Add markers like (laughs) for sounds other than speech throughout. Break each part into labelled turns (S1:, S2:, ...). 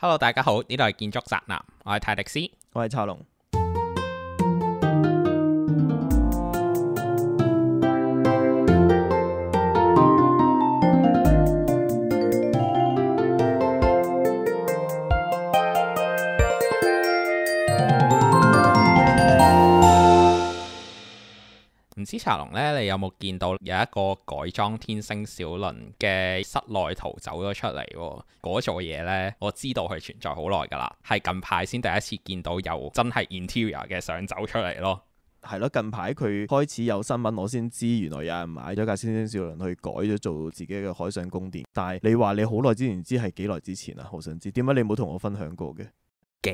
S1: Hello，大家好，呢度係建築宅男，我係泰迪斯，我係查龍。斯查隆呢，你有冇見到有一個改裝天星小輪嘅室內圖走咗出嚟？嗰座嘢呢，我知道佢存在好耐噶啦，係近排先第一次見到有真係 interior 嘅相走出嚟咯。
S2: 係咯，近排佢開始有新聞，我先知原來有人買咗架天星小輪去改咗做自己嘅海上宮殿。但係你話你好耐之前知係幾耐之前啊？好想知點解你冇同我分享過嘅？
S1: 幾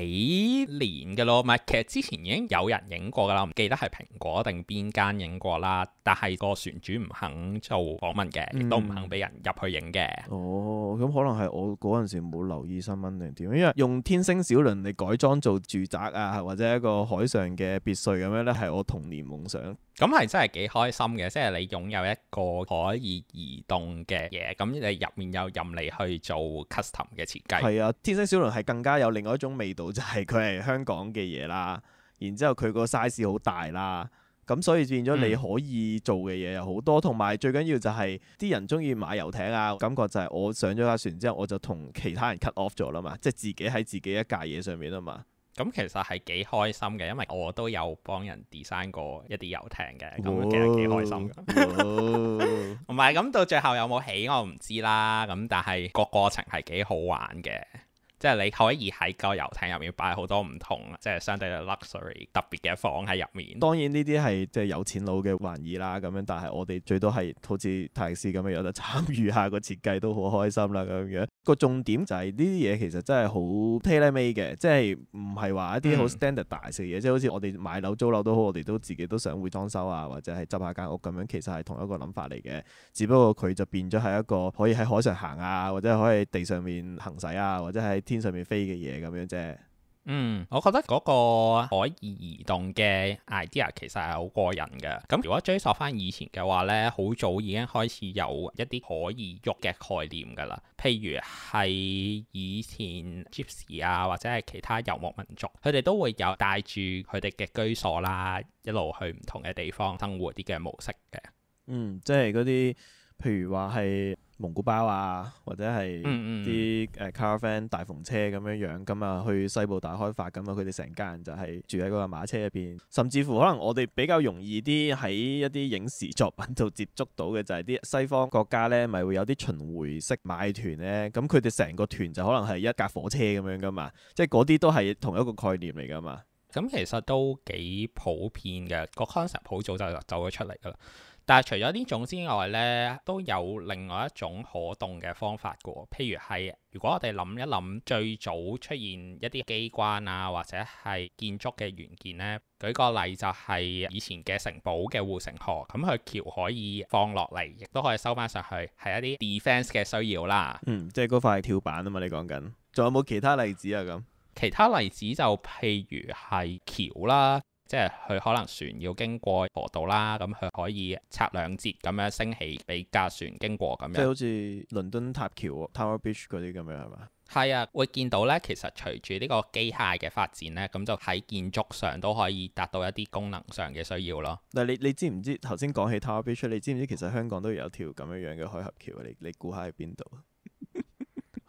S1: 年噶咯，唔係，其實之前已經有人影過噶啦，唔記得係蘋果定邊間影過啦。但係個船主唔肯做訪問嘅，亦都唔肯俾人入去影嘅，
S2: 嗯。哦，咁可能係我嗰陣時冇留意新聞定點，因為用天星小輪嚟改裝做住宅啊，或者一個海上嘅別墅咁樣咧，係我童年夢想。
S1: 咁係真係幾開心嘅，即係你擁有一個可以移動嘅嘢，咁你入面又任你去做 custom 嘅設計。係啊，
S2: 天星小輪係更加有另外一種味道，就係佢係香港嘅嘢啦，然之後佢個 size 好大啦，咁所以變咗你可以做嘅嘢又好多，同埋、嗯、最緊要就係啲人中意買遊艇啊，感覺就係我上咗架船之後我就同其他人 cut off 咗啦嘛，
S1: 即係自己喺自己一架嘢上面啊嘛。咁其實係幾開心嘅，因為我都有幫人 design 過一啲遊艇嘅，咁、哦、其實幾開心。唔係，咁到最後有冇起我唔知啦，咁但係個過程係幾好玩嘅。即係你可以喺個遊艇入面擺好多唔同，即係相對 luxury 特別嘅房喺入面。
S2: 當然呢啲係即係有錢佬嘅玩意啦，咁樣。但係我哋最多係好似泰斯咁樣有得參與下個設計都好開心啦，咁樣。個重點就係呢啲嘢其實真係好 tailor-made 嘅，即係唔係話一啲 stand、嗯、好 standard 大食嘢。即係好似我哋買樓、租樓都好，我哋都自己都想會裝修啊，或者係執下間屋咁樣。其實係同一個諗法嚟嘅，只不過佢就變咗係一個可以喺海上行啊，或者可以喺地上面行駛啊，或者喺天上面飛嘅嘢
S1: 咁樣啫。嗯，我覺得嗰個可以移動嘅 idea 其實係好過癮嘅。咁如果追溯翻以前嘅話呢，好早已經開始有一啲可以喐嘅概念噶啦。譬如係以前 Gypsy 啊，或者係其他遊牧民族，佢哋都會有帶住佢哋嘅居所啦，一路去唔同嘅地方生活啲嘅模式嘅。嗯，
S2: 即係嗰啲，譬如話係。蒙古包啊，或者係啲誒 caravan 大篷車咁樣樣，咁啊、嗯嗯、去西部大開發咁啊，佢哋成家人就係住喺嗰個馬車入邊。甚至乎可能我哋比較容易啲喺一啲影視作品度接觸到嘅就係、是、啲西方國家咧，咪會有啲巡迴式買團咧。咁佢哋成個團就可能係一架火車
S1: 咁樣噶嘛，即係嗰啲都係同一個概念嚟噶嘛。咁其實都幾普遍嘅，個 concept 好早就走咗出嚟噶啦。但係除咗呢種之外呢，都有另外一種可動嘅方法嘅喎、哦。譬如係，如果我哋諗一諗，最早出現一啲機關啊，或者係建築嘅元件呢，舉個例就係以前嘅城堡嘅護城河，咁佢橋可以放落嚟，亦都可以收翻上去，係一啲 defence 嘅需要啦。嗯，即係嗰塊跳板啊嘛，你講緊。仲有冇其他例子啊？咁其他例子就譬如係橋啦。即係佢可能船要經過河道啦，咁佢可以拆兩節咁樣升起俾架船經過咁樣。即係好
S2: 似倫敦塔橋，Tower Bridge 嗰啲咁樣係嘛？
S1: 係啊，會見到咧，其實隨住呢個機械嘅發展咧，咁就喺建築上都可以達到一啲功能上嘅需要咯。
S2: 但係你你知唔知頭先講起 Tower Bridge 你知唔知其實香港都有條咁樣樣嘅開合橋 (laughs) 開合橋？你你估下喺邊度？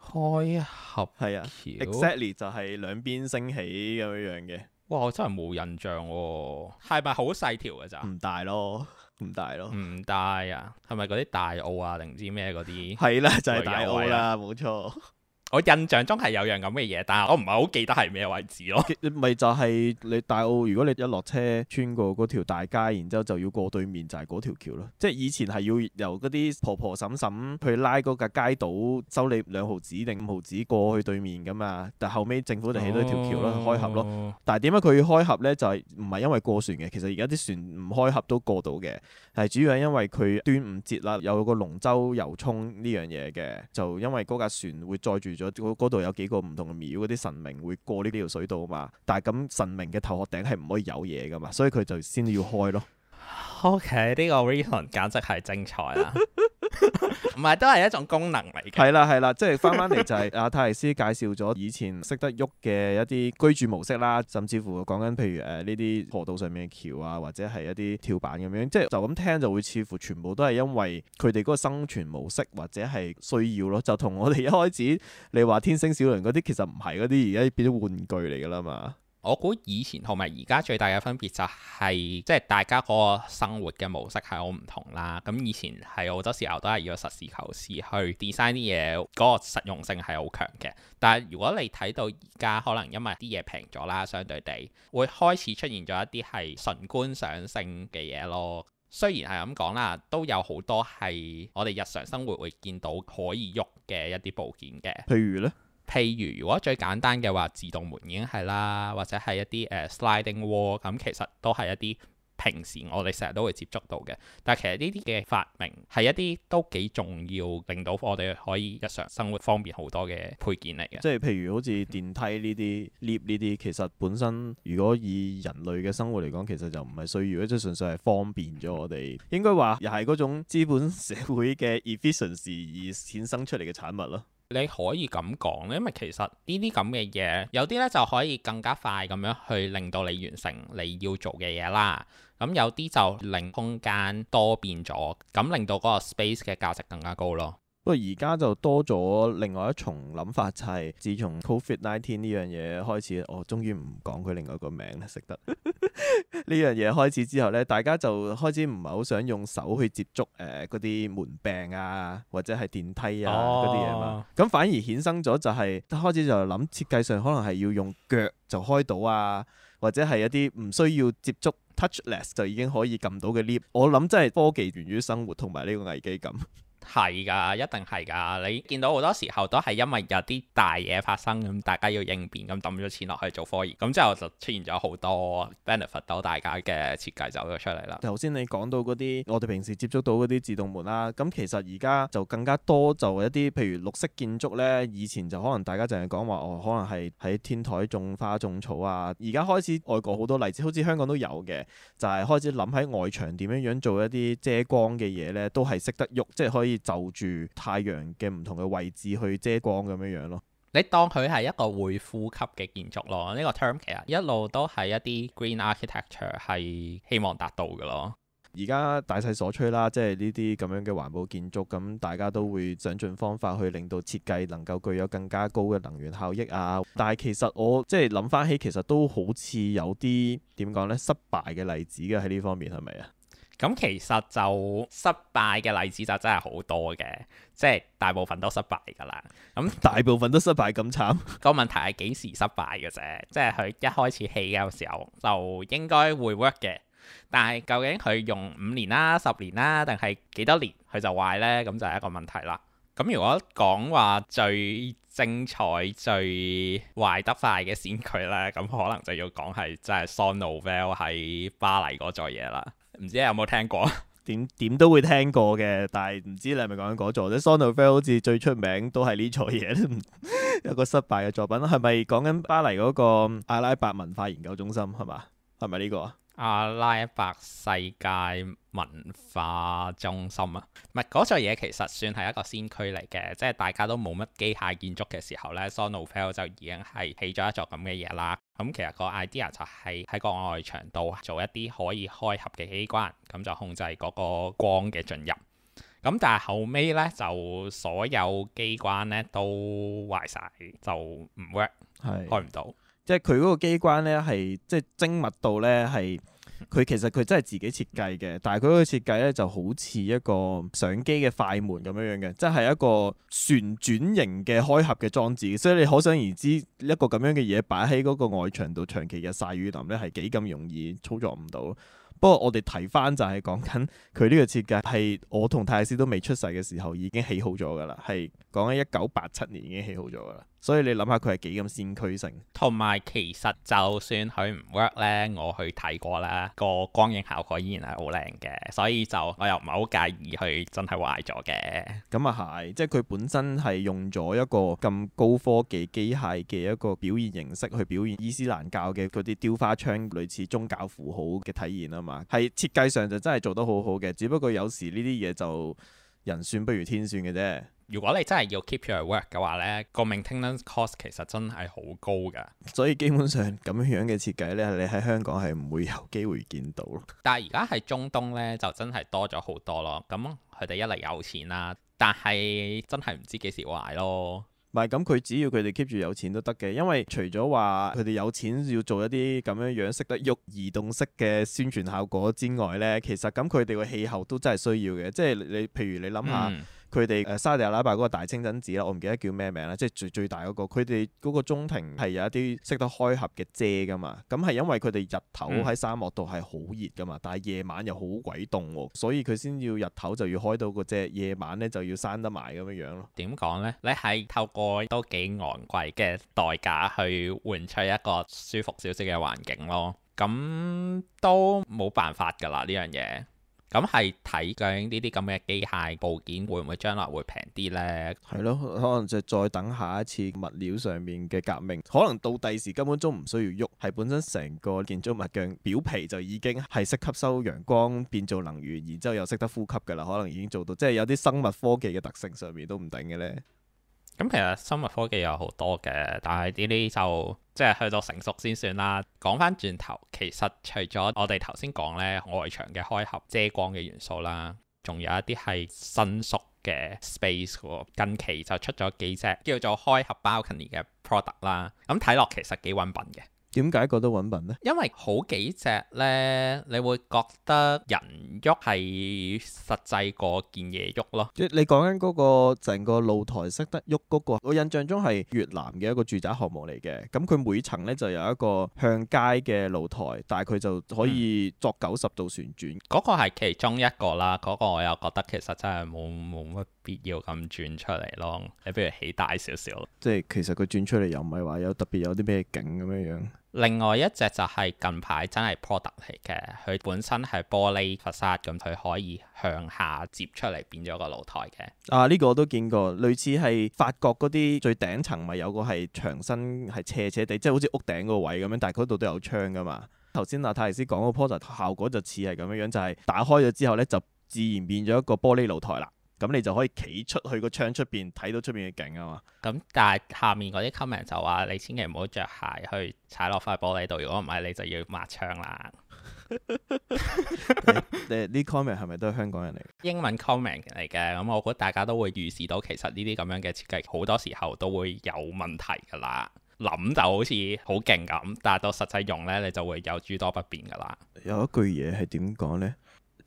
S1: 開合。係啊，exactly 就係兩邊升起咁樣樣嘅。哇！我真係冇印象喎，係咪好細條嘅咋？唔大咯，唔大咯，唔大啊！係咪嗰啲大澳啊，定唔知咩嗰啲？係 (laughs) 啦，就係大澳啦，冇錯。 (laughs) 我印象中係有樣咁嘅嘢，但係我唔係好記得係咩位置
S2: 咯。咪就係你大澳，如果你一落車穿過嗰條大街，然之後就要過對面就係嗰條橋咯。即係以前係要由嗰啲婆婆嬸嬸去拉嗰架街渡，收你兩毫紙定五毫紙過去對面噶嘛。但後尾政府就起咗條橋咯，oh. 開合咯。但係點解佢要開合咧？就係唔係因為過船嘅？其實而家啲船唔開合都過到嘅。係主要係因為佢端午節啦，有個龍舟遊涌呢樣嘢嘅，就因為嗰架船會載住。嗰度有幾個唔同嘅廟，嗰啲神明會過呢條水道嘛，但係咁神明嘅頭殼頂係唔可以有嘢噶嘛，所以佢就先要開咯。OK，呢個理
S1: 論簡直係精彩啦！ (laughs) 唔係， (laughs) 都係一種功能嚟
S2: 嘅。係啦， (laughs) 係啦，即係翻翻嚟就係阿泰尼斯介紹咗以前識得喐嘅一啲居住模式啦，甚至乎講緊譬如誒呢啲河道上面嘅橋啊，或者係一啲跳板咁樣，即係就咁聽就會似乎全部都係因為佢哋嗰個生存模式或者係需要咯，就同我哋一開始你話天星小輪嗰啲，其實唔
S1: 係嗰啲而家變咗玩具嚟噶啦嘛。我估以前同埋而家最大嘅分別就係，即係大家嗰個生活嘅模式係好唔同啦。咁以前係好多時候都係要實事求是去 design 啲嘢，嗰個實用性係好強嘅。但係如果你睇到而家，可能因為啲嘢平咗啦，相對地會開始出現咗一啲係純觀賞性嘅嘢咯。雖然係咁講啦，都有好多係我哋日常生活會見到可以喐嘅一啲部件嘅。譬如呢。譬如如果最簡單嘅話，自動門已經係啦，或者係一啲誒、uh, sliding wall，咁其實都係一啲平時我哋成日都會接觸到嘅。但係其實呢啲嘅發明係一啲都幾重要，令到我哋可以日常生活方便好多嘅配件嚟嘅。
S2: 即係譬如好似電梯呢啲 lift 呢啲，其實本身如果以人類嘅生活嚟講，其實就唔係需要，即、就、係、係、純粹係方便咗我哋。應該話又係嗰種資本社會嘅
S1: efficiency 而產生出嚟嘅產物咯。你可以咁講，因為其實呢啲咁嘅嘢，有啲呢就可以更加快咁樣去令到你完成你要做嘅嘢啦。咁有啲就令空間多變咗，咁令到嗰個 space 嘅價值更加高囉。
S2: 不過而家就多咗另外一重諗法，就係、是、自從 COVID-19 呢樣嘢開始，我、哦、終於唔講佢另外一個名咧，識得呢樣嘢開始之後咧，大家就開始唔係好想用手去接觸誒嗰啲門柄啊，或者係電梯啊嗰啲嘢嘛。咁反而衍生咗就係、是、開始就諗設計上可能係要用腳就開到啊，或者係一啲唔需要接觸 touchless 就已經可以撳到嘅 lift。我諗真係科技源於生活同埋呢個危機感。
S1: 係㗎，一定係㗎。你見到好多時候都係因為有啲大嘢發生，咁大家要應變，咁抌咗錢落去做科研，咁之後就出現咗好多 benefit 到大家嘅設計走咗出嚟啦。
S2: 頭先你講到嗰啲，我哋平時接觸到嗰啲自動門啦，咁其實而家就更加多就一啲，譬如綠色建築呢。以前就可能大家淨係講話哦，可能係喺天台種花種草啊，而家開始外國好多例子，好似香港都有嘅，就係開始諗喺外牆點樣樣做一啲遮光嘅嘢呢，都係識得喐，即係可以。
S1: 就住太陽嘅唔同嘅位置去遮光咁樣樣咯。你當佢係一個會呼吸嘅建築咯。呢個 term 其實一路都係一啲 green architecture 係希望達到嘅咯。
S2: 而家大勢所趨啦，即係呢啲咁樣嘅環保建築，咁大家都會想盡方法去令到設計能夠具有更加高嘅能源效益啊。但係其實我即係諗翻起，其實都好似有啲點講呢？失敗嘅例子嘅喺呢方面係咪啊？
S1: 咁其實就失敗嘅例子就真係好多嘅，即係大部分都失敗噶啦。咁
S2: 大部分都失敗咁慘，
S1: (laughs) 個問題係幾時失敗嘅啫？即係佢一開始起嘅時候就應該會 work 嘅，但係究竟佢用五年啦、十年啦，定係幾多年佢就壞呢？咁就係一個問題啦。咁如果講話最精彩、最壞得快嘅選舉呢，咁可能就要講係即係 Jean Nouvel 喺巴黎嗰座嘢啦。唔知你有冇聽過？
S2: 點點都會聽過嘅，但係唔知你係咪講緊嗰座即係 Sandrofer 好似最出名都係呢座嘢，有一個失敗嘅作品，係咪講緊巴黎嗰個阿拉伯文化研究中心係嘛？係咪呢個啊？
S1: 阿拉伯世界。文化中心啊，唔係，嗰座嘢其實算係一個先驅嚟嘅，即係大家都冇乜機械建築嘅時候咧 Nouvel 就已經係起咗一座咁嘅嘢啦。咁、嗯、其實個 idea 就係喺個外牆度做一啲可以開合嘅機關，咁就控制嗰個光嘅進入。咁、嗯嗯、但係後尾咧就所有機關咧都壞晒，就唔 work，是開唔到。
S2: 即係佢嗰個機關咧係即係精密度咧係。佢其實佢真係自己設計嘅，但係佢嗰個設計咧就好似一個相機嘅快門咁樣樣嘅，即係一個旋轉型嘅開合嘅裝置。所以你可想而知，一個咁樣嘅嘢擺喺嗰個外牆度長期嘅曬雨淋咧，係幾咁容易操作唔到。不過我哋睇翻就係講緊佢呢個設計係我同泰斯都未出世嘅時候已經起好咗㗎啦，係講緊一九八七年已經起好咗㗎啦。所以你諗下佢係幾咁
S1: 先驅性，同埋其實就算佢唔 work 咧，我去睇過啦，個光影效果依然係好靚嘅，所以就我又唔係好介意佢真係壞咗嘅。
S2: 咁啊係，即係佢本身係用咗一個咁高科技機械嘅一個表現形式去表現伊斯蘭教嘅嗰啲雕花窗、類似宗教符號嘅體驗啊嘛，係設計上就真係做得好好嘅，只不過有時呢啲嘢就人算不
S1: 如天算嘅啫。如果你真係要 keep your work 嘅話，呢個 maintenance cost 其實真係好高噶，
S2: 所以基本上咁樣樣嘅設計，呢你喺香港係唔會有機會見到。
S1: 但係而家喺中東呢，就真係多咗好多咯。咁佢哋一嚟有錢啦、啊，但係真係唔知幾時壞咯。
S2: 唔係咁，佢只要佢哋 keep 住有錢都得嘅，因為除咗話佢哋有錢要做一啲咁樣樣識得喐、移動式嘅宣傳效果之外呢，其實咁佢哋個氣候都真係需要嘅。即係你，譬如你諗下。佢哋誒沙地阿拉伯嗰個大清真寺啦，我唔記得叫咩名啦，即係最最大嗰個。佢哋嗰個中庭係有一啲識得開合嘅遮噶嘛。咁係因為佢哋日頭喺沙漠度係好熱噶嘛，但係夜晚又好鬼凍喎，所以佢先要日頭就要開到個遮，夜晚咧就
S1: 要閂得埋咁樣樣咯。點講咧？你係透過都幾昂貴嘅代價去換取一個舒服少少嘅環境咯。咁都冇辦法㗎啦呢樣嘢。咁係睇究竟呢啲咁嘅機械部件會唔會將來會平啲呢？
S2: 係咯，可能就再等下一次物料上面嘅革命，可能到第時根本都唔需要喐，係本身成個建築物嘅表皮就已經係識吸收陽光變做能源，然之後又識得呼吸嘅啦，可能已經做到，即係有啲生物科技嘅特性上面都唔定嘅呢。
S1: 咁、嗯、其實生物科技有好多嘅，但係呢啲就即係去到成熟先算啦。講翻轉頭，其實除咗我哋頭先講呢外牆嘅開合遮光嘅元素啦，仲有一啲係新穎嘅 space 喎。近期就出咗幾隻叫做開合 balcony 嘅 product 啦。咁睇落其實幾穩品嘅。
S2: 點解覺得揾笨呢？因
S1: 為好幾隻呢，你會覺得人喐係實際過件嘢喐咯。即你
S2: 講緊嗰個成個露台識得喐嗰個，我印象中係越南嘅一個住宅項目嚟嘅。咁佢每層呢，就有一個向街嘅露台，但係佢就可以作九十度旋轉。嗯，
S1: 嗰個係其中一個啦。嗰個我又覺得其實真係冇冇乜必要咁轉出嚟咯。你不如起大少少，
S2: 即係其實佢轉出嚟又唔係話有特別有啲咩景咁樣樣。
S1: 另外一隻就係近排真係 product 嚟嘅，佢本身係玻璃發沙咁，佢可以向下接出嚟變咗個露台嘅。
S2: 啊，呢個我都見過，類似係法國嗰啲最頂層咪有個係牆身係斜斜地，即係好似屋頂個位咁樣，但係嗰度都有窗噶嘛。頭先阿泰尼斯講個 product 效果就似係咁樣樣，就係打開咗之後咧，就自然變咗一個玻璃露台啦。咁你就可以
S1: 企出去個窗出邊睇到出邊嘅景啊嘛！咁、嗯、但係下面嗰啲 comment 就話：你千祈唔好着鞋去踩落塊玻璃度，如果唔係，你就要抹窗啦。
S2: 誒啲 comment 係咪都係香港人嚟
S1: 嘅？英文 comment 嚟嘅，咁我覺得大家都會預示到，其實呢啲咁樣嘅設計好多時候都會有問題㗎啦。諗就好似好勁咁，但係到實際用咧，你就會有諸多不便㗎啦。
S2: 有一句嘢係點講咧？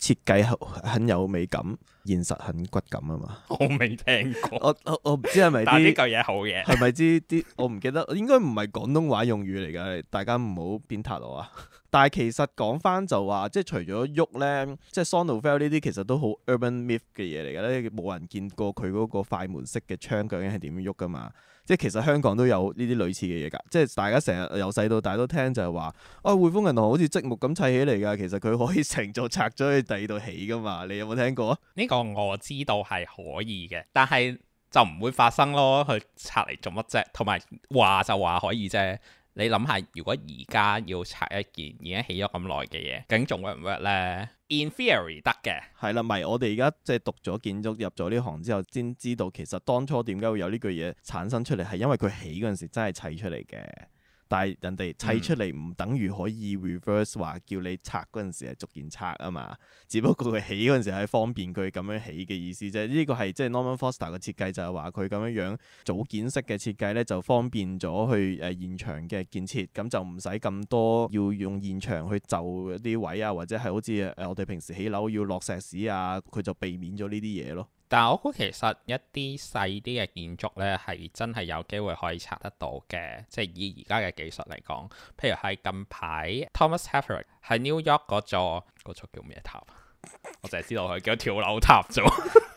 S2: 設計很很有美感，現實很骨感啊嘛！我未聽過， (laughs) 我我我唔知係咪啲，但呢嚿嘢好嘢，係咪知啲？我唔 (laughs) 記得，應該唔係廣東話用語嚟㗎，大家唔好鞭撻我啊！ (laughs) 但係其實講返就話，即係除咗喐咧，即係 sound effect 呢啲，no、其實都好 urban myth 嘅嘢嚟㗎咧，冇人見過佢嗰個快門式嘅窗，究竟係點樣喐㗎嘛？即係其實香港都有呢啲類似嘅嘢㗎，即係大家成日由細到大都聽就係話，哦匯豐銀行好似積木咁砌起嚟㗎，其實佢
S1: 可以成座拆咗去第二度起㗎嘛？你有冇聽過啊？呢個我知道係可以嘅，但係就唔會發生咯，佢拆嚟做乜啫？同埋話就話可以啫。你諗下，如果而家要拆一件已經起咗咁耐嘅嘢，究竟仲 work 唔 work 咧？In theory 得嘅，
S2: 係啦，咪我哋而家即係讀咗建築入咗呢行之後，先知道其實當初點解會有呢句嘢產生出嚟，係因為佢起嗰陣時真係砌出嚟嘅。但係人哋砌出嚟唔等於可以 reverse 話叫你拆嗰陣時係逐件拆啊嘛。只不過佢起嗰陣時係方便佢咁樣起嘅意思啫。呢個係即係 Norman Foster 嘅設計就係話佢咁樣樣組件式嘅設計咧，就方便咗去誒現場嘅建設，咁就唔使咁多要用現場去就啲位啊，或者係好似誒我哋平時起樓要落石屎啊，佢就避免咗呢啲嘢咯。
S1: 但係我估其實一啲細啲嘅建築呢，係真係有機會可以拆得到嘅，即係以而家嘅技術嚟講，譬如係近排 (music) Thomas Heatherwick 喺 New York 嗰座，嗰座叫咩塔？ (laughs) 我淨係知道佢叫跳樓塔啫、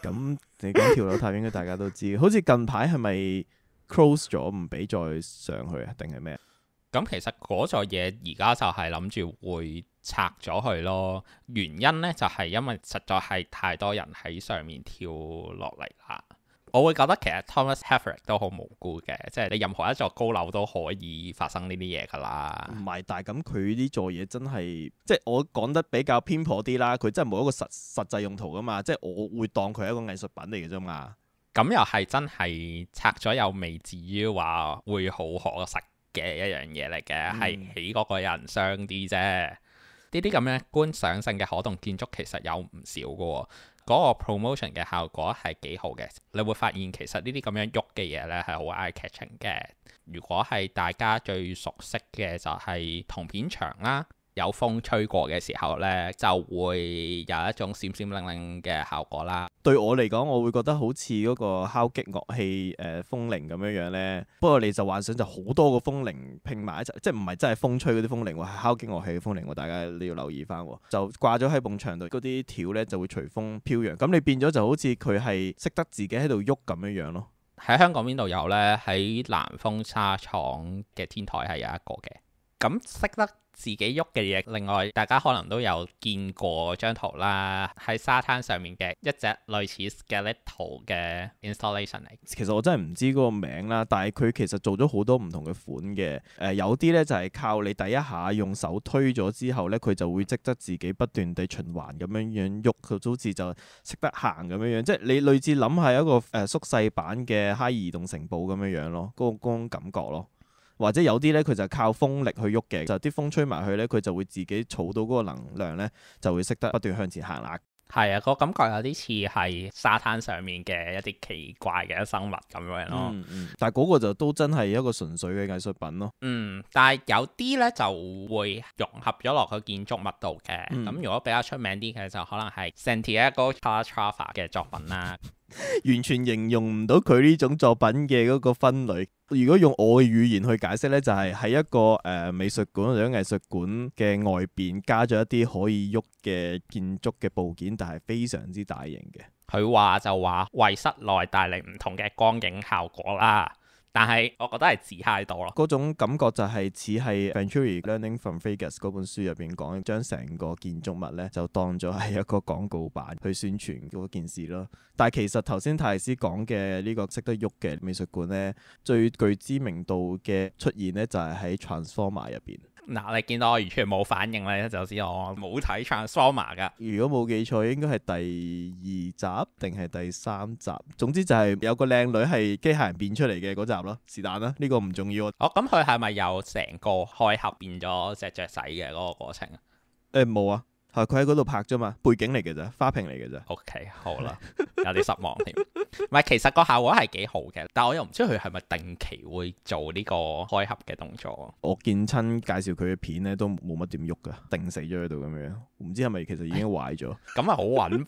S1: (laughs) 嗯。咁你講
S2: 跳樓塔應該大家都知，好似近排係咪 close 咗唔俾再上去啊？
S1: 定係咩？咁其實嗰座嘢而家就係諗住會。拆咗佢咯，原因呢就係、是、因為實在係太多人喺上面跳落嚟啦。我會覺得其實 Thomas Heatherwick 都好無辜嘅，即係你任何一座高樓都可以發生呢啲嘢噶啦。
S2: 唔係，但係咁佢呢座嘢真係即係我講得比較偏頗啲啦。佢真係冇一個實實際用途噶嘛，即係我會當佢係一個藝術品嚟嘅啫嘛。
S1: 咁又係真係拆咗又未至於話會好可惜嘅一樣嘢嚟嘅，係、嗯、起嗰個人傷啲啫。呢啲咁樣觀賞性嘅可動建築其實有唔少㗎喎。嗰個 promotion 嘅效果係幾好嘅。你會發現其實呢啲咁樣喐嘅嘢咧係好 eye catching 嘅。如果係大家最熟悉嘅就係銅片牆啦。有風吹過嘅時候呢，就會有一種閃閃靈靈嘅效果啦。
S2: 對我嚟講，我會覺得好似嗰個敲擊樂器誒、呃、風鈴咁樣樣呢。不過你就幻想就好多個風鈴拼埋一齊，即係唔係真係風吹嗰啲風鈴喎，係敲擊樂器嘅風鈴喎。大家都要留意翻，就掛咗喺埲牆度嗰啲條呢，就會隨風飄揚。咁你變咗就好似佢係識得自己喺度喐咁樣樣咯。
S1: 喺香港邊度有呢？喺南豐紗廠嘅天台係有一個嘅。咁識得自己喐嘅嘢，另外大家可能都有見過張圖啦，喺沙灘上面嘅一隻類似 skeleton 嘅 installation 嚟。
S2: 其實我真係唔知嗰個名啦，但係佢其實做咗好多唔同嘅款嘅，誒、呃、有啲呢，就係、是、靠你第一下用手推咗之後呢，佢就會即刻自己不斷地循環咁樣樣喐，佢就好似就識得行咁樣樣，即係你類似諗係一個誒、呃、縮細版嘅哈爾移動城堡咁樣樣咯，嗰、那、嗰、個那個、感覺咯。或者有啲咧，佢就靠風力去喐嘅，就啲風吹埋去咧，佢就會自己儲到嗰個能量咧，就會識得不斷向前行啦。
S1: 係啊，個感覺有啲似係沙灘上面嘅一啲奇怪嘅生物咁樣咯。嗯嗯、
S2: 但係嗰個就都真係一個純粹嘅藝術品
S1: 咯。嗯，但係有啲咧就會融合咗落個建築物度嘅。咁、嗯、如果比較出名啲嘅，就可能係 Santiago Calatrava 嘅作品啦。 (laughs)
S2: 完全形容唔到佢呢種作品嘅嗰個分類。如果用我嘅語言去解釋呢，就係、是、喺一個誒、呃、美術館或者藝術館嘅外邊加咗一啲可以喐
S1: 嘅建築
S2: 嘅部件，但係非常之大型嘅。
S1: 佢話就話為室內帶嚟唔同嘅光影效果啦。但係，我覺得係自嗨到咯。嗰
S2: 種感覺就係似係 Venturi Learning from Vegas 嗰本書入邊講，將成個建築物咧就當咗係一個廣告版去宣傳嗰件事咯。但係其實頭先泰斯講嘅呢個識得喐嘅美術館咧，最具知名度嘅出現咧就係喺 Transformer 入邊。
S1: 嗱、啊，你見到我完全冇反應咧，就知我冇睇 Transformer
S2: 㗎。如果冇記錯，應該係第二集定係第三集。總之就係有個靚女係機械人變出嚟嘅嗰集咯，是但啦。呢、呢個唔重要。
S1: 哦，咁佢係咪有成個開合變咗隻雀仔嘅嗰個過程、呃、啊？
S2: 誒，冇啊。係佢喺嗰度拍啫嘛，背景嚟嘅啫，花瓶嚟嘅啫。OK，
S1: 好啦，有啲失望添。唔係， (laughs) 其實個效果係幾好嘅，但係我又唔知佢係咪定期會做呢個開合嘅動作。
S2: 我見親介紹佢嘅片咧，都冇乜點喐噶，定死咗喺度咁樣。唔知係咪其實已經壞咗？
S1: 咁係好穩品。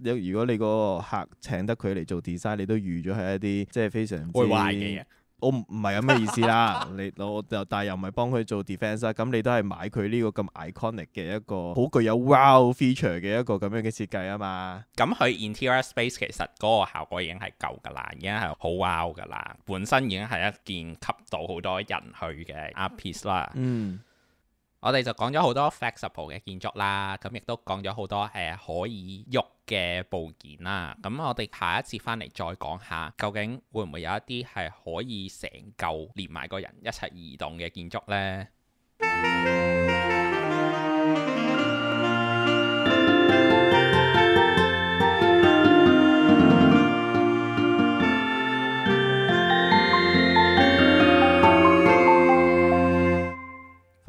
S2: 有 (laughs) 如果你個客請得佢嚟做 design，你都預咗係一啲即係非常之壞嘅嘢。我唔唔係咁嘅意思啦， (laughs) 你我就但係又唔係幫佢做 defense，咁你都係買佢呢個咁 iconic 嘅一個好具有 wow feature 嘅一個咁樣嘅設計啊嘛。
S1: 咁佢 interior space 其實嗰個效果已經係夠噶啦，已經係好 wow 噶啦，本身已經係一件吸到好多人去嘅 art piece 啦。嗯。我哋就講咗好多 flexible 嘅建築啦，咁亦都講咗好多誒、呃、可以喐嘅部件啦。咁我哋下一次翻嚟再講下，究竟會唔會有一啲係可以成嚿連埋個人一齊移動嘅建築呢？ (noise)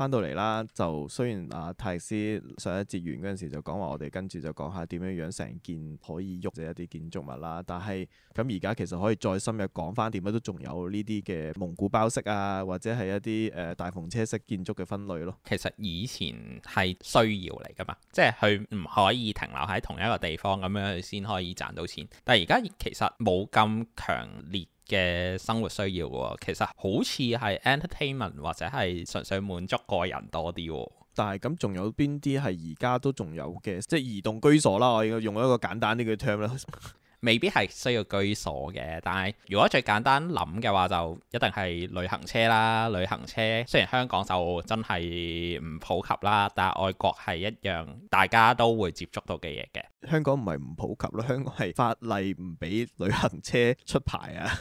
S2: 翻到嚟啦，就雖然阿泰斯上一節完嗰陣時就講話，我哋跟住就講下點樣樣成件可以喐嘅一啲建築物啦。但係咁而家其實可以再深入講翻點解都仲有呢啲嘅蒙古包式啊，
S1: 或者係一啲誒、呃、大篷車式建築嘅分類咯。其實以前係需要嚟㗎嘛，即係佢唔可以停留喺同一個地方咁樣先可以賺到錢。但係而家其實冇咁強烈。嘅生活需要喎、哦，其實好似係 entertainment 或者係純粹滿足個人多啲喎、哦。但係咁仲有邊啲係
S2: 而家都仲有嘅，即係移
S1: 動居所啦。我用一個簡單啲嘅 term 咧。 (laughs) 未必係需要居所嘅，但係如果最簡單諗嘅話，就一定係旅行車啦。旅行車雖然香港就真係唔普及啦，但係外國係一樣大家都會接觸到嘅嘢嘅。
S2: 香港唔係唔普及咯，香港係法例唔俾旅行車出牌啊，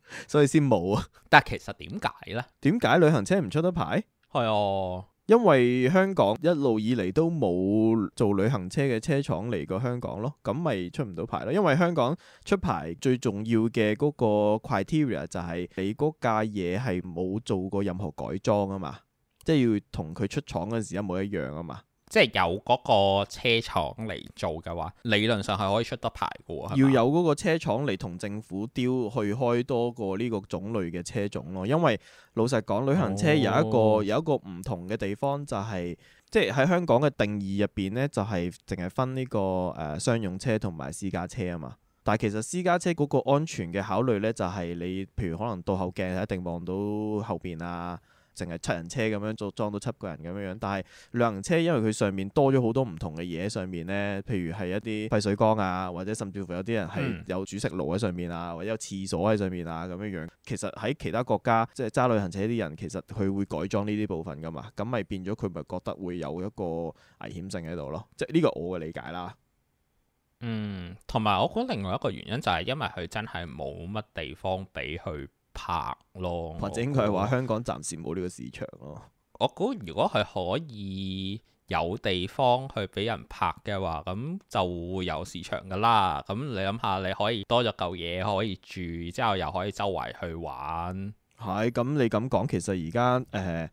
S2: (laughs) 所以先冇
S1: 啊。但係其實點解呢？
S2: 點解旅行車唔出得牌？係哦、啊。因為香港一路以嚟都冇做旅行車嘅車廠嚟過香港咯，咁咪出唔到牌咯。因為香港出牌最重要嘅嗰個 criteria 就係你嗰架嘢係冇做過任何改裝啊嘛，即係要同佢出廠嗰陣時一模一樣啊嘛。
S1: 即係有嗰個車廠嚟做嘅話，理論上係可以出得牌嘅喎。要有
S2: 嗰個車廠嚟同政府屌，去開多個呢個種類嘅車種咯。因為老實講，旅行車有一個、哦、有一個唔同嘅地方，就是，就係即係喺香港嘅定義入邊呢，就係淨係分呢、這個誒、呃、商用車同埋私家車啊嘛。但係其實私家車嗰個安全嘅考慮呢，就係、是、你譬如可能倒後鏡一定望到後邊啊。淨係七人車咁樣做裝到七個人咁樣樣，但係旅行車因為佢上面多咗好多唔同嘅嘢上面呢，譬如係一啲廢水缸啊，或者甚至乎有啲人係有煮食爐喺上面啊，或者有廁所喺上面啊咁樣樣。其實喺其他國家，即係揸旅行車啲人，其實佢會改裝呢啲部分噶嘛，咁咪變咗佢咪覺得會有一個危險性喺度咯。
S1: 即係呢個我嘅理解啦。嗯，同埋我覺得另外一個原因就係因為佢真係冇乜地方俾佢。拍咯，或者應該係話香
S2: 港暫時冇呢個市場咯。
S1: 我估如果係可以有地方去俾人拍嘅話，咁就會有市場㗎啦。咁你諗下，你可以多咗嚿嘢可以住，之後又可以周圍去玩。
S2: 係、嗯，咁你咁講，其實而家誒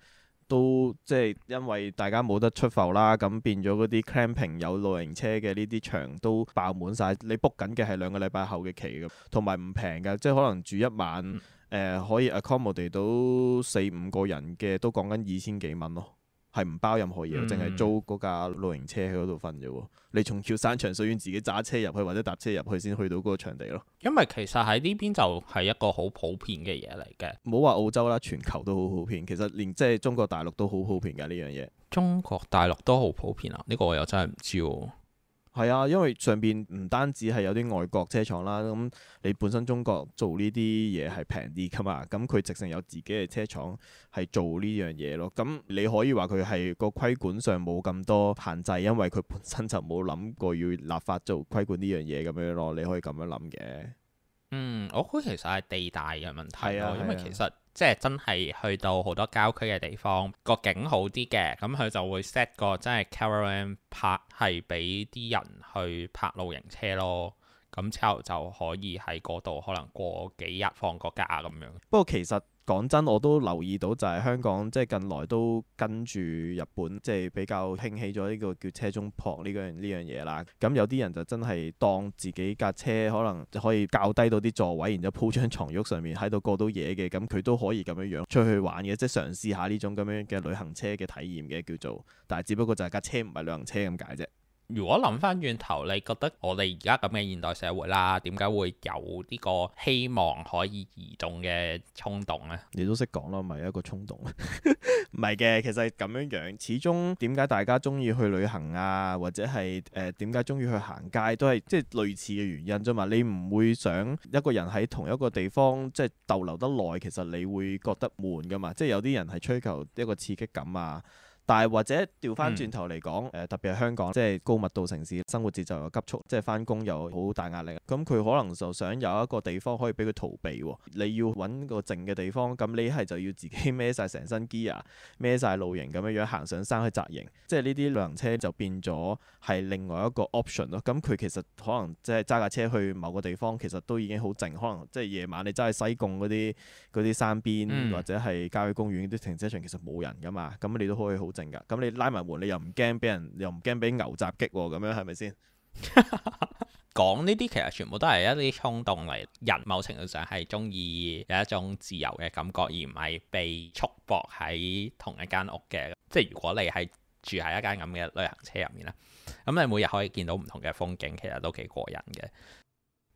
S2: 都即係因為大家冇得出埠啦，咁變咗嗰啲 glamping 有露營車嘅呢啲場都爆滿晒。你 book 緊嘅係兩個禮拜後嘅期，同埋唔平嘅，即係可能住一晚。嗯誒可以 accommodate 到四五個人嘅，都講緊二千幾蚊咯，係唔包任何嘢，淨係租嗰架露營車喺嗰度瞓啫喎。你從橋山長水遠自己揸車入去或者搭車入去先去到嗰個場地咯。
S1: 因為其實喺呢邊就係一個好普遍嘅嘢嚟嘅，
S2: 冇話澳洲啦，全球都好普遍。其實連即係中國大陸都好普遍㗎呢樣嘢。中國大陸都好普遍啊？呢個我又真係唔知喎。係啊，因為上邊唔單止係有啲外國車廠啦，咁你本身中國做呢啲嘢係平啲㗎嘛，咁佢直情有自己嘅車廠係做呢樣嘢咯。咁你可以話佢係個規管上冇咁多限制，因為佢本身就冇諗過要立法做規管呢樣嘢咁樣咯。你可以咁樣諗
S1: 嘅。嗯，我覺得其實係地大嘅問題啊，啊因為其實。即係真係去到好多郊區嘅地方，個景好啲嘅，咁、嗯、佢就會 set 個真係 caravan park，係俾啲人去泊露營車咯。咁、嗯、之後就可以喺嗰度可能過幾日放個假咁樣。
S2: 不過其實～講真，我都留意到就係香港即係近來都跟住日本即係比較興起咗呢個叫車中泊呢、呢個呢樣嘢啦。咁、呢個、有啲人就真係當自己架車可能就可以較低到啲座位，然之後鋪張床褥上面喺度過到夜嘅，咁佢都可以咁樣樣出去玩嘅，即係嘗試下呢種咁樣嘅旅行車嘅體驗嘅叫做，但係只不過就係架車唔係
S1: 旅行車咁解啫。如果諗翻轉頭，你覺得我哋而家咁嘅現代社會啦，點解會有呢個希望可以移動嘅衝動呢？
S2: 你都識講咯，咪一個衝動？唔係嘅，其實咁樣樣，始終點解大家中意去旅行啊，或者係誒點解中意去行街，都係即係類似嘅原因啫嘛。你唔會想一個人喺同一個地方即係逗留得耐，其實你會覺得悶噶嘛。即係有啲人係追求一個刺激感啊。但係或者調翻轉頭嚟講，誒、呃、特別係香港，即係高密度城市，生活節奏又急促，即係翻工又好大壓力。咁佢可能就想有一個地方可以俾佢逃避。哦。你要揾個靜嘅地方，咁你係就要自己孭晒成身 gear，孭晒露營咁樣樣行上山去紮營。即係呢啲旅行車就變咗係另外一個 option 咯。咁佢其實可能即係揸架車去某個地方，其實都已經好靜。可能即係夜晚你揸去西貢嗰啲嗰啲山邊，嗯、或者係郊區公園啲停車場，其實冇人噶嘛。咁你都可以好。咁你拉埋門，你又唔驚俾人，又唔驚俾牛襲擊喎，咁樣係咪先？
S1: 講呢啲其實全部都係一啲衝動嚟，人某程度上係鍾意有一種自由嘅感覺，而唔係被束縛喺同一間屋嘅。即係如果你係住喺一間咁嘅旅行車入面咧，咁你每日可以見到唔同嘅風景，其實都幾過癮嘅。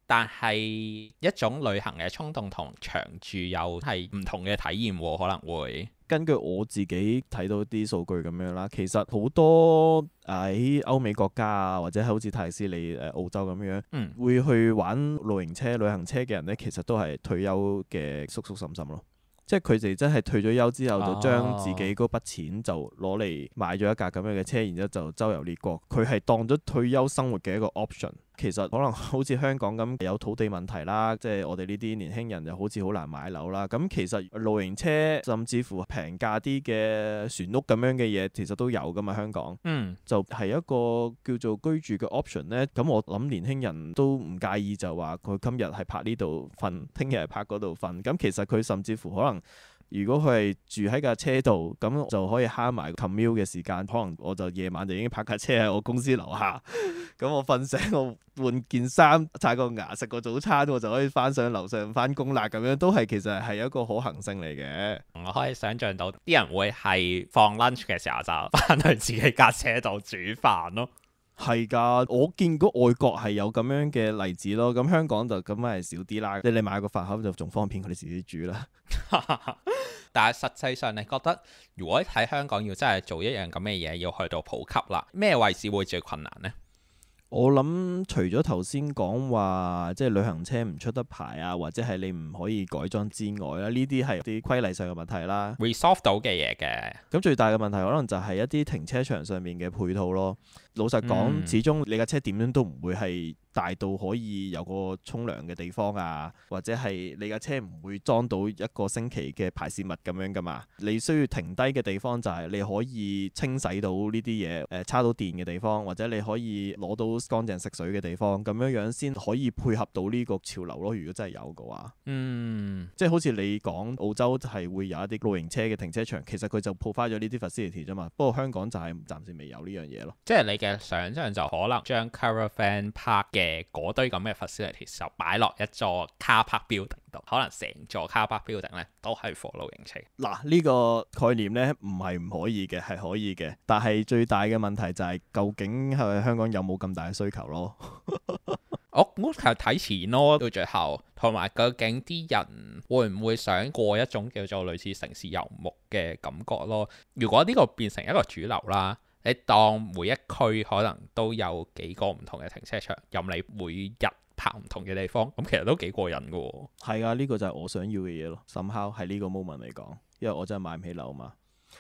S1: 但係一種旅行嘅衝動同長住又係唔同嘅體驗喎，可能會。
S2: 根據我自己睇到啲數據咁樣啦，其實好多喺歐美國家啊，或者好似泰斯利誒澳洲咁樣，嗯、會去玩露營車、旅行車嘅人咧，其實都係退休嘅叔叔嬸嬸咯。即係佢哋真係退咗休之後，就將自己嗰筆錢就攞嚟買咗一架咁樣嘅車，然之後就周遊列國。佢係當咗退休生活嘅一個 option。其實可能好似香港咁有土地問題啦，即係我哋呢啲年輕人就好似好難買樓啦。咁其實露營車甚至乎平價啲嘅船屋咁樣嘅嘢，其實都有㗎嘛，香港。嗯，就係一個叫做居住嘅 option 呢。咁我諗年輕人都唔介意就話佢今日係泊呢度瞓，聽日係泊嗰度瞓。咁其實佢甚至乎可能。如果佢係住喺架車度，咁就可以慳埋 commute 嘅時間。可能我就夜晚就已經泊架車喺我公司樓下，咁 (laughs) 我瞓醒，我換件衫、刷個牙、食個早餐，我就可以翻上樓上翻工啦。咁樣都係其實係有一個可行性嚟嘅。
S1: 我可以想像到啲人會係放 lunch 嘅時候就翻去自己架車度煮飯咯。
S2: 係噶，我見過外國係有咁樣嘅例子咯。咁香港
S1: 就咁係少啲啦。
S2: 即係你買個飯盒就仲方便佢哋自己煮啦。
S1: (laughs) (laughs) 但係實際上，你覺得如果喺香港要真係做一樣咁嘅嘢，要去到普及啦，咩位置會最困難呢？
S2: 我諗除咗頭先講話即係旅行車唔出得牌啊，或者係你唔可以改裝之外啦，呢啲係啲規例上嘅問題
S1: 啦。Resolve 到嘅嘢嘅。
S2: 咁最大嘅問題可能就係一啲停車場上面嘅配套咯。老實講，始終你架車點樣都唔會係大到可以有個沖涼嘅地方啊，或者係你架車唔會裝到一個星期嘅排泄物咁樣噶嘛？你需要停低嘅地方就係你可以清洗到呢啲嘢，誒、呃，叉到電嘅地方，或者你可以攞到乾淨食水嘅地方，咁樣樣先可以配合到呢個潮流咯。如果真係有嘅話，嗯，即係好似你講澳洲係會有一啲露營車嘅停車場，其實佢就鋪翻咗呢啲 facility 啫嘛。不過香港就係暫時未有呢樣嘢咯。
S1: 即係你想象就可能將 Caravan Park 嘅嗰堆咁嘅 facility 就擺落一座 Car Park Building 度，可能成座 Car Park Building 咧都係火爐形成。
S2: 嗱，呢個概念咧，唔係唔可以嘅，係可以嘅。但係最大嘅問題就係、是、究竟係香港有冇咁大嘅需求咯？
S1: 我我係睇錢咯，到最後同埋究竟啲人會唔會想過一種叫做類似城市遊牧嘅感覺咯？如果呢個變成一個主流啦。你當每一區可能都有幾個唔同嘅停車場，任你每日拍唔同嘅地方，咁其實都幾過癮㗎喎。
S2: 係啊，呢個就係我想要嘅嘢咯。Somehow 係呢個 moment 嚟講，因為我真係買唔起樓嘛。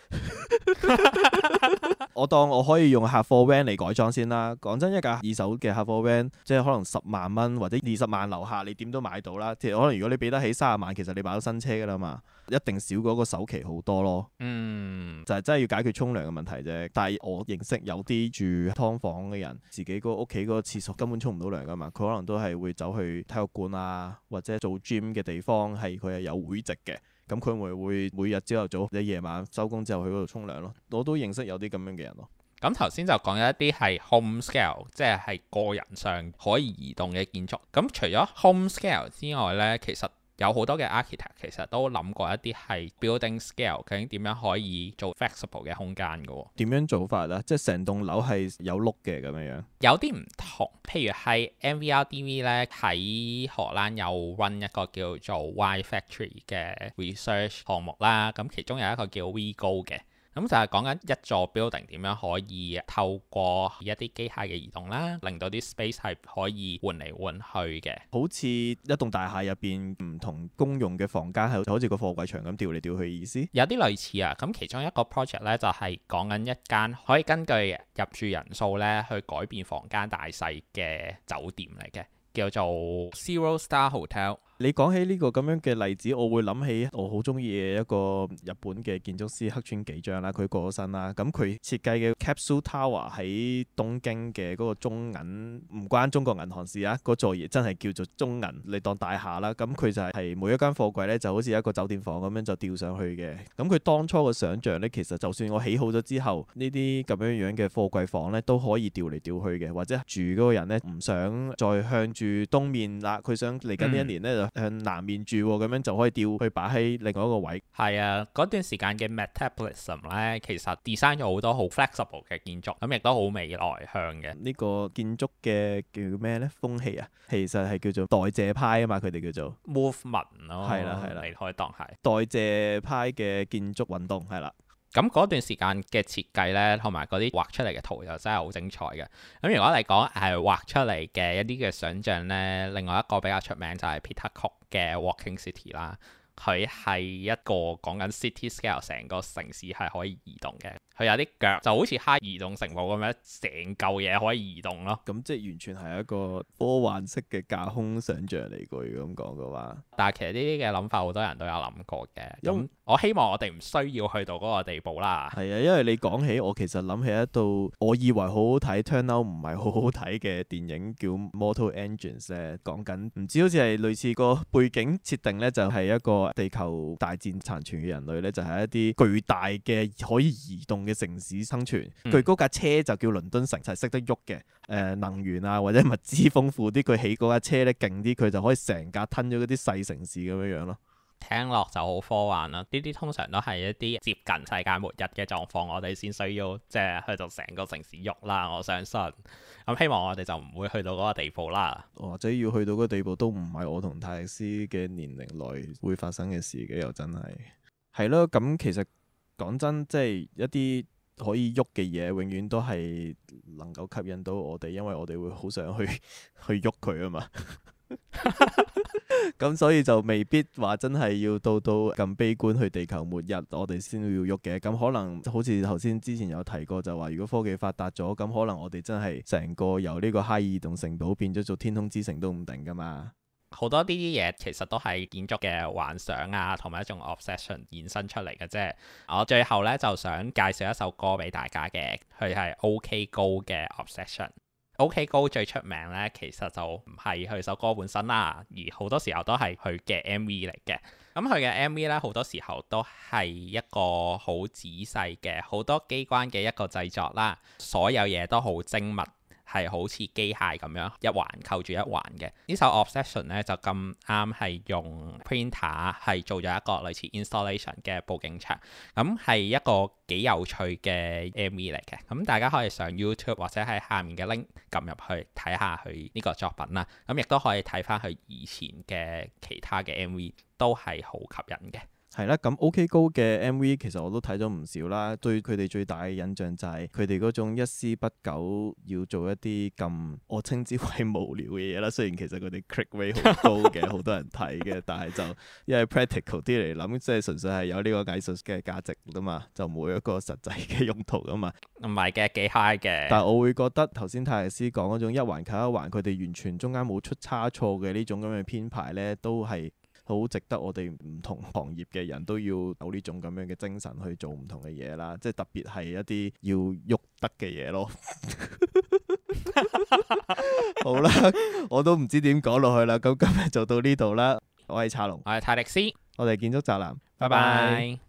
S2: (laughs) (laughs) 我當我可以用客貨 van 嚟改裝先啦。講真，一架二手嘅客貨 van，即係可能十萬蚊或者二十萬樓下，你點都買到啦。即係可能如果你俾得起三十萬，其實你買到新車噶啦嘛，一定少過個首期好多咯。嗯，就係真係要解決沖涼嘅問題啫。但係我認識有啲住劏房嘅人，自己個屋企嗰個廁所根本沖唔到涼噶嘛。佢可能都係會走去體育館啊，或者做 gym 嘅地方，係佢係有會籍嘅。咁佢咪會每日
S1: 朝頭早或者夜晚收工之後去嗰度沖涼咯，我都認識有啲咁樣嘅人咯。咁頭先就講咗一啲係 home scale，即係係個人上可以移動嘅建築。咁除咗 home scale 之外咧，其實有好多嘅 architect 其實都諗過一啲係 building scale，究竟點樣可以做 flexible 嘅空間嘅，哦？
S2: 點樣做法咧？即係成棟樓係有轆嘅咁樣樣。
S1: 有啲唔同，譬如係 MVRDV 咧，喺荷蘭有 run 一個叫做 Y Factory 嘅 research 項目啦，咁其中有一個叫 WeGo 嘅。咁就係講緊一座 building 點樣可以透過一啲機械嘅移動啦，令到啲 space 係可以換嚟換去嘅，好似一棟大廈入邊唔同公用嘅房間係好似個貨櫃場咁調嚟調去嘅意思。有啲類似啊。咁其中一個 project 咧就係講緊一間可以根據入住人數咧去改變房間大細嘅酒店嚟嘅，叫做 Zero Star Hotel。
S2: 你講起呢個咁樣嘅例子，我會諗起我好中意嘅一個日本嘅建築師黑川紀章啦。佢過咗身啦，咁佢設計嘅 Capsule Tower 喺東京嘅嗰個中銀唔關中國銀行事啊。嗰座嘢真係叫做中銀，你當大廈啦。咁佢就係每一間貨櫃咧，就好似一個酒店房咁樣就吊上去嘅。咁佢當初嘅想像咧，其實就算我起好咗之後，這這呢啲咁樣樣嘅貨櫃房咧都可以吊嚟吊去嘅，或者住嗰個人咧唔想再向住東面啦，佢想嚟緊呢一年咧就。嗯向南面住，咁樣就可以調去擺喺另外一個位。
S1: 係啊，嗰段時間嘅 metabolism 咧，其實 design 咗好多好 flexible 嘅建築，咁亦都好未來向嘅。
S2: 呢個建築嘅叫咩咧？風氣啊，其實係叫做代謝派啊嘛，佢哋
S1: 叫做 movement 咯、哦。係啦、啊，係啦、啊，你可以當係代謝派嘅建築運動，係啦、啊。咁嗰段時間嘅設計呢，同埋嗰啲畫出嚟嘅圖又真係好精彩嘅。咁如果嚟講係畫出嚟嘅一啲嘅想像呢，另外一個比較出名就係 Peter Cook 嘅《Walking City》啦。佢係一個講緊 city scale，成個城市係可以移動嘅。佢有啲腳就好似哈移動城堡咁樣，成嚿嘢可以移動咯。咁、嗯、即係完全係一個科幻式嘅架空想像嚟嘅。如咁講嘅話，但係其實呢啲嘅諗法好多人都有諗過嘅。咁有、嗯、我希望我哋唔需要去到嗰個地步啦。
S2: 係啊、嗯，因為你講起我其實諗起一道，我以為好好睇，turn out 唔係好好睇嘅電影叫《Mortal Engines》咧，講緊唔知好似係類似個背景設定呢，就係、是、一個。地球大戰殘存嘅人類咧，就係、是、一啲巨大嘅可以移動嘅城市生存。佢嗰、嗯、架車就叫倫敦城，就係、是、識得喐嘅。誒、呃、能源啊，或者物資豐富啲，佢起嗰架車咧勁啲，佢就可以成架吞咗嗰啲細城市咁樣樣咯。
S1: 聽落就好科幻啦、啊！呢啲通常都係一啲接近世界末日嘅狀況，我哋先需要即係去到成個城市喐啦。我相信，咁、嗯、希望我哋就唔會去到嗰個地步啦。
S2: 或者要去到嗰個地步，都唔係我同泰斯嘅年齡內會發生嘅事嘅，又真係。係咯，咁其實講真，即、就、係、是、一啲可以喐嘅嘢，永遠都係能夠吸引到我哋，因為我哋會好想去去喐佢啊嘛。 (laughs) (laughs) 咁 (laughs) 所以就未必話真係要到到咁悲觀，去地球末日我，我哋先要喐嘅。咁可能好似頭先之前有提過，就話如果科技發達咗，咁可能我哋真係成個由呢個哈爾移動城堡變咗做天空之城都唔定噶嘛。
S1: 好多呢啲嘢其實都係建築嘅幻想啊，同埋一種 obsession 衍生出嚟嘅啫。我最後呢，就想介紹一首歌俾大家嘅，佢係 OK Go 嘅 obsession。OK Go 最出名咧，其實就唔係佢首歌本身啦，而好多時候都係佢嘅 MV 嚟嘅。咁佢嘅 MV 咧，好多時候都係一個好仔細嘅，好多機關嘅一個製作啦，所有嘢都好精密。係好似機械咁樣一環扣住一環嘅，呢首 Obsession 咧就咁啱係用 printer 係做咗一個類似 installation 嘅布景場，咁、嗯、係一個幾有趣嘅 MV 嚟嘅，咁、嗯、大家可以上 YouTube 或者喺下面嘅 link 撳入去睇下佢呢個作品啦，咁亦都可以睇翻佢以前嘅其他嘅 MV 都係好吸引嘅。
S2: 係啦，咁、嗯、OK 高嘅 MV 其實我都睇咗唔少啦。對佢哋最大嘅印象就係佢哋嗰種一絲不苟，要做一啲咁我稱之為無聊嘅嘢啦。雖然其實佢哋 click r a t 好高嘅，好 (laughs) 多人睇嘅，但係就因為 practical 啲嚟諗，即、就、係、是、純粹係有呢個藝術嘅價值啫嘛，就冇一個實際嘅用途噶嘛。
S1: 唔係嘅，幾 high 嘅。但係我
S2: 會覺得頭先泰迪斯講嗰種一環扣一環，佢哋完全中間冇出差錯嘅呢種咁嘅編排咧，都係。好值得我哋唔同行業嘅人都要有呢種咁樣嘅精神去做唔同嘅嘢啦，即係特別係一啲要喐得嘅嘢咯。 (laughs) 好啦，我都唔知點講落去啦，咁今日就到呢度啦。我係查龍，我係泰力斯，我哋建築宅男，拜拜。